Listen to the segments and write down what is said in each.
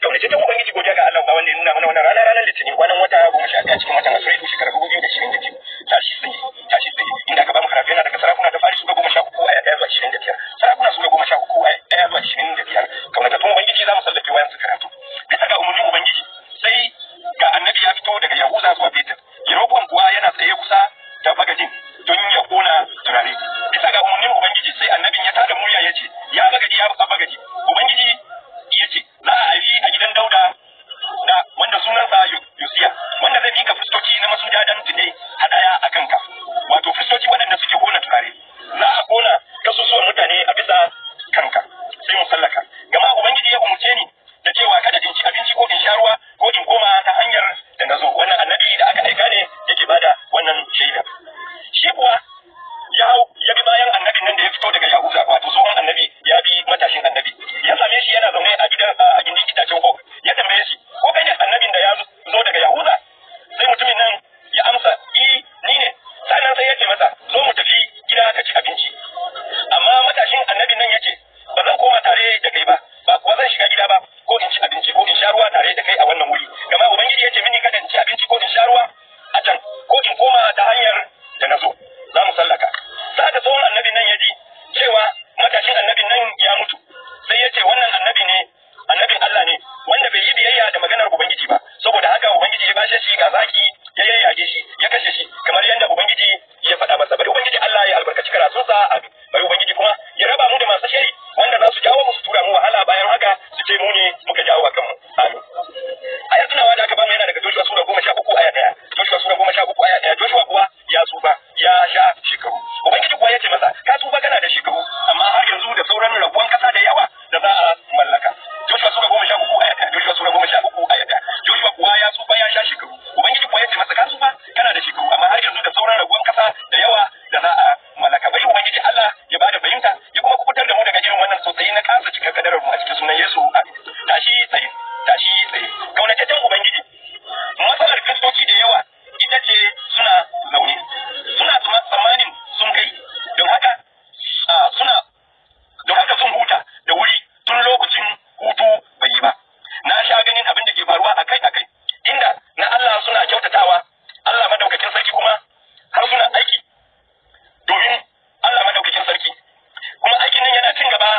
da wani cikin ubangiji godiya ga Allah ba wanda ya nuna mana wannan rana ranar litinin kwanan wata goma sha ɗaya cikin watan asirai shekarar dubu biyu da ishirin da biyu tashi tsaye tashi tsaye inda aka ba mu harafiya daga sarakuna da fari sura goma sha uku a ɗaya zuwa shirin da biyar sarakuna sura goma sha uku a ɗaya zuwa shirin da biyar kamar da tun ubangiji za mu sallafi wayan su karatu bisa ga umarnin ubangiji sai ga annabi ya fito daga yahuza zuwa betel masu motsa wanda zai mika fuskoki na masu ne a hadaya a kanka wato fuskoki waɗanda suke kona turare koma ta hanyar da na zo za mu sallaka da haka tsohon annabin nan ya ji cewa matashin annabin nan ya mutu sai ya ce wannan annabi ne annabin Allah ne wanda bai yi biyayya da maganar ubangiji ba saboda haka ubangiji ya bashe shi ga zaki ya yayyage shi ya kashe shi kamar yadda ubangiji shekaru ubangiji kuwa ya ce masa ka tuba kana da shekaru amma har yanzu da sauran rabuwan kasa da yawa da za a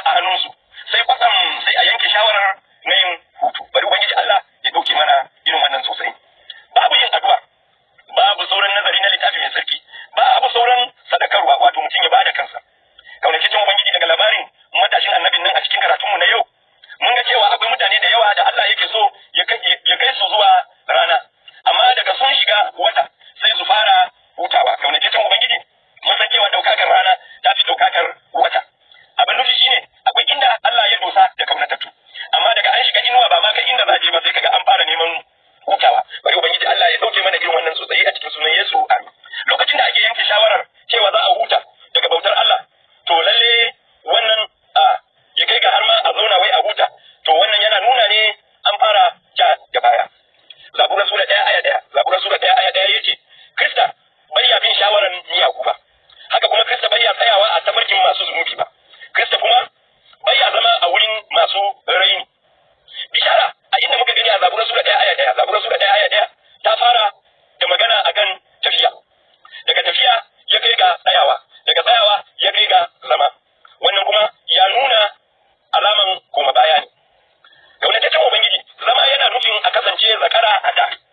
a hannunsu sai kwatsam sai a yanke shawarar Gracias.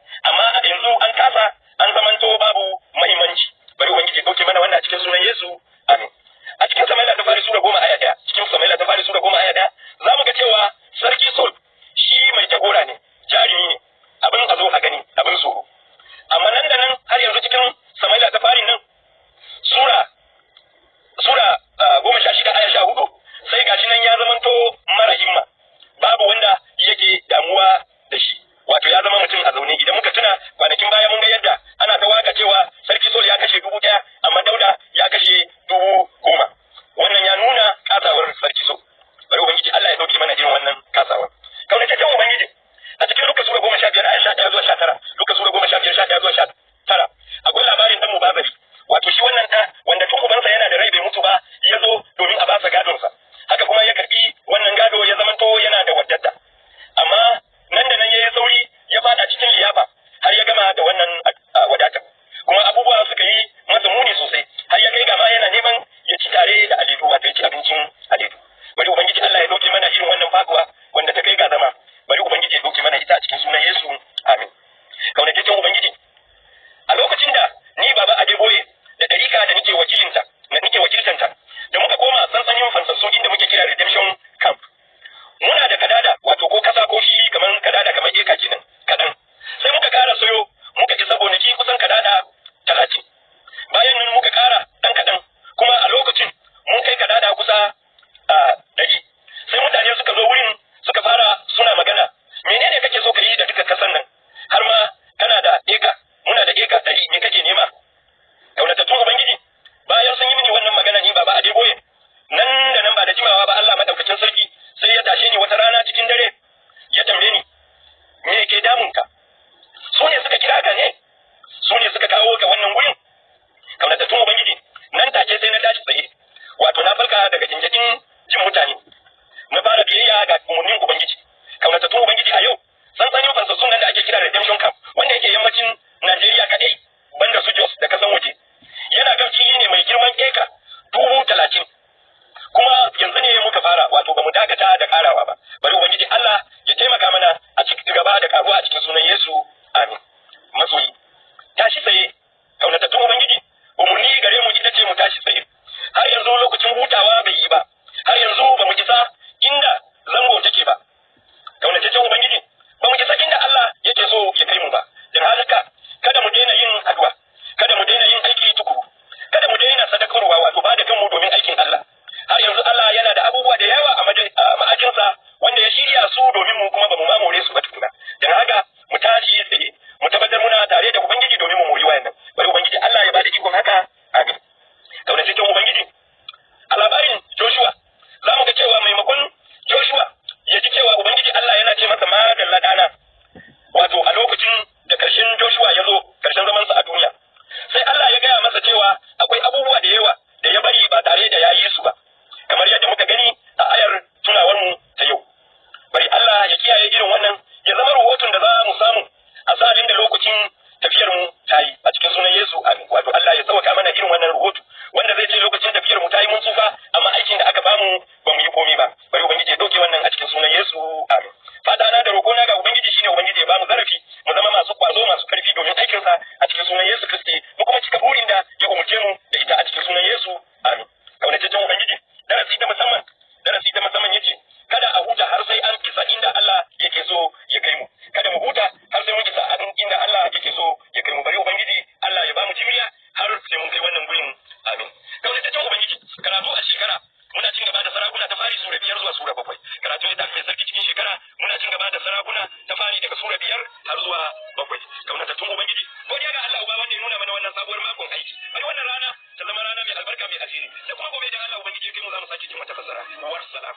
laifi muni sosai har ya kai gaba yana neman ya ci tare da alifu wato ya ci abincin wato ba mu dakata da karawa ba bari domin aikinsa a cikin sunan Yesu Kristi mu kuma cika burin da ya umarce mu da ita a cikin sunan Yesu amin kaunataccen ubangiji darasi da musamman darasi da musamman yace kada a huta har sai an kisa inda Allah yake so ya kai mu kada mu huta har sai mun kisa inda Allah yake so wannan sabuwar makon aiki bari wannan rana ta zama rana mai albarka mai alheri da kuma gobe idan Allah ubangiji ya kai mu za mu sake jin wata fasara wassalam